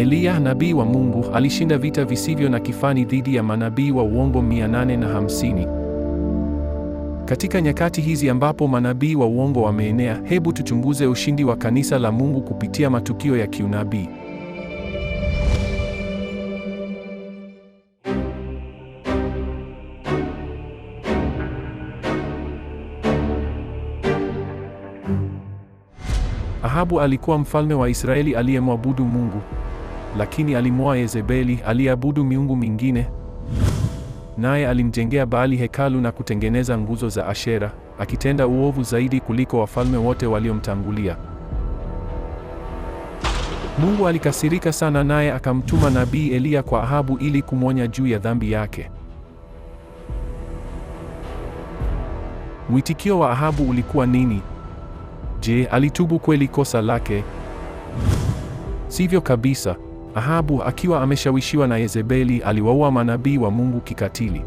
Eliya nabii wa Mungu alishinda vita visivyo na kifani dhidi ya manabii wa uongo 850. Katika nyakati hizi ambapo manabii wa uongo wameenea, hebu tuchunguze ushindi wa kanisa la Mungu kupitia matukio ya kiunabii. Ahabu alikuwa mfalme wa Israeli aliyemwabudu Mungu lakini alimwoa Yezebeli, aliyeabudu miungu mingine, naye alimjengea Baali hekalu na kutengeneza nguzo za Ashera, akitenda uovu zaidi kuliko wafalme wote waliomtangulia. Mungu alikasirika sana, naye akamtuma nabii Eliya kwa Ahabu ili kumwonya juu ya dhambi yake. Mwitikio wa Ahabu ulikuwa nini? Je, alitubu kweli kosa lake? Sivyo kabisa. Ahabu akiwa ameshawishiwa na Yezebeli aliwaua manabii wa Mungu kikatili.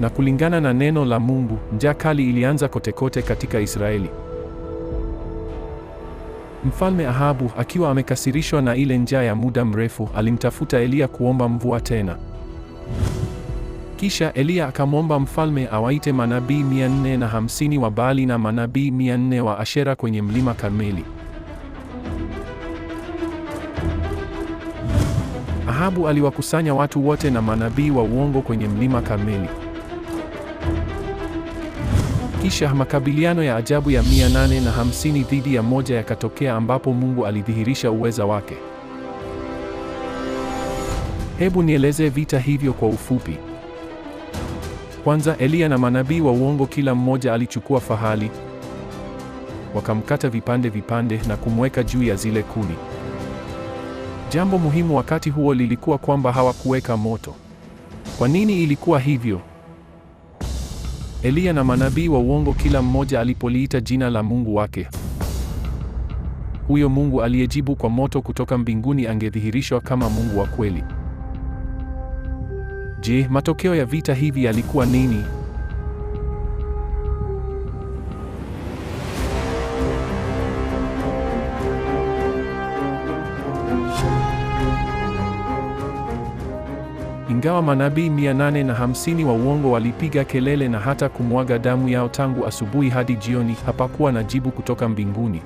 Na kulingana na neno la Mungu, njaa kali ilianza kotekote katika Israeli. Mfalme Ahabu akiwa amekasirishwa na ile njaa ya muda mrefu, alimtafuta Eliya kuomba mvua tena. Kisha Eliya akamwomba mfalme awaite manabii 450 wa Baali na manabii 400 wa Ashera kwenye mlima Karmeli. Ahabu aliwakusanya watu wote na manabii wa uongo kwenye mlima Karmeli. Kisha makabiliano ya ajabu ya mia nane na hamsini dhidi ya moja yakatokea ambapo Mungu alidhihirisha uweza wake. Hebu nieleze vita hivyo kwa ufupi. Kwanza, Eliya na manabii wa uongo kila mmoja alichukua fahali, wakamkata vipande vipande na kumweka juu ya zile kuni. Jambo muhimu wakati huo lilikuwa kwamba hawakuweka moto. Kwa nini ilikuwa hivyo? Eliya na manabii wa uongo, kila mmoja alipoliita jina la Mungu wake, huyo Mungu aliyejibu kwa moto kutoka mbinguni angedhihirishwa kama Mungu wa kweli. Je, matokeo ya vita hivi yalikuwa nini? Ingawa manabii 850 wa uongo walipiga kelele na hata kumwaga damu yao tangu asubuhi hadi jioni, hapakuwa na jibu kutoka mbinguni.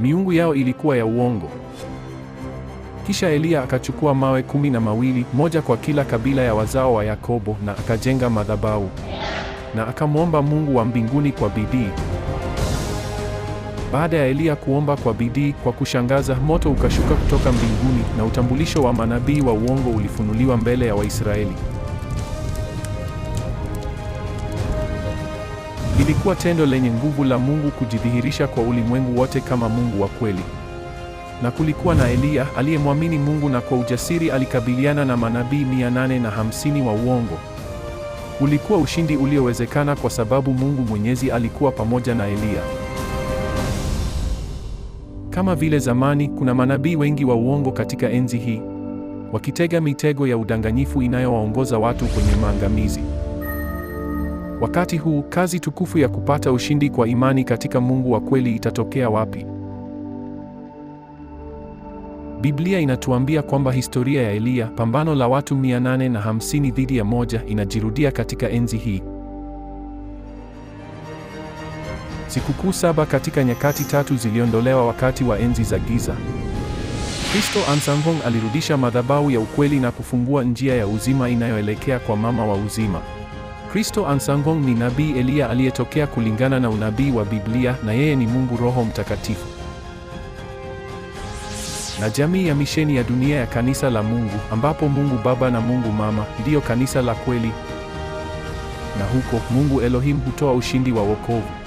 Miungu yao ilikuwa ya uongo. Kisha Eliya akachukua mawe kumi na mawili, moja kwa kila kabila ya wazao wa Yakobo, na akajenga madhabahu na akamwomba Mungu wa mbinguni kwa bidii. Baada ya Eliya kuomba kwa bidii, kwa kushangaza moto ukashuka kutoka mbinguni na utambulisho wa manabii wa uongo ulifunuliwa mbele ya Waisraeli. Ilikuwa tendo lenye nguvu la Mungu kujidhihirisha kwa ulimwengu wote kama Mungu wa kweli. Na kulikuwa na Eliya aliyemwamini Mungu na kwa ujasiri alikabiliana na manabii mia na hamsini wa uongo. Ulikuwa ushindi uliowezekana kwa sababu Mungu Mwenyezi alikuwa pamoja na Eliya. Kama vile zamani, kuna manabii wengi wa uongo katika enzi hii, wakitega mitego ya udanganyifu inayowaongoza watu kwenye maangamizi. Wakati huu, kazi tukufu ya kupata ushindi kwa imani katika Mungu wa kweli itatokea wapi? Biblia inatuambia kwamba historia ya Eliya, pambano la watu 850 dhidi ya moja, inajirudia katika enzi hii. Sikukuu saba katika nyakati tatu ziliondolewa wakati wa enzi za giza. Kristo Ahnsahnghong alirudisha madhabahu ya ukweli na kufungua njia ya uzima inayoelekea kwa mama wa uzima. Kristo Ahnsahnghong ni nabii Eliya aliyetokea kulingana na unabii wa Biblia, na yeye ni Mungu Roho Mtakatifu. Na jamii ya misheni ya dunia ya kanisa la Mungu, ambapo Mungu Baba na Mungu Mama ndiyo kanisa la kweli, na huko Mungu Elohim hutoa ushindi wa wokovu.